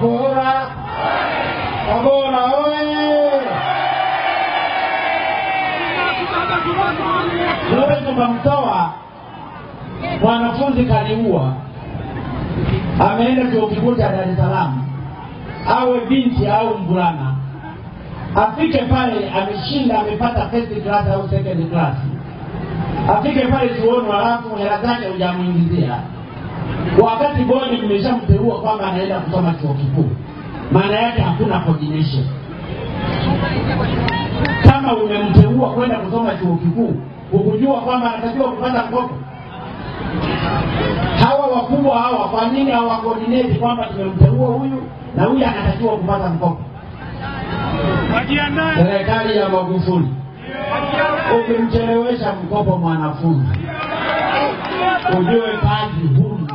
Tabora. Tabora oye! mwanafunzi kaliua, ameenda chuo kikuu cha Dar es Salaam, awe binti au mvulana, afike pale ameshinda, amepata first class au second class, afike pale chuoni, halafu hela zake hujamwingizia wakati bodi mmeshamteua kwamba anaenda kusoma chuo kikuu, maana yake hakuna coordination. Kama umemteua kwenda kusoma chuo kikuu, ukujua kwamba anatakiwa kupata mkopo. Hawa wakubwa hawa, kwa nini hawakoordinate kwamba tumemteua huyu na huyu anatakiwa kupata mkopo? Serikali ya Magufuli, ukimchelewesha mkopo mwanafunzi, ujue kazi huru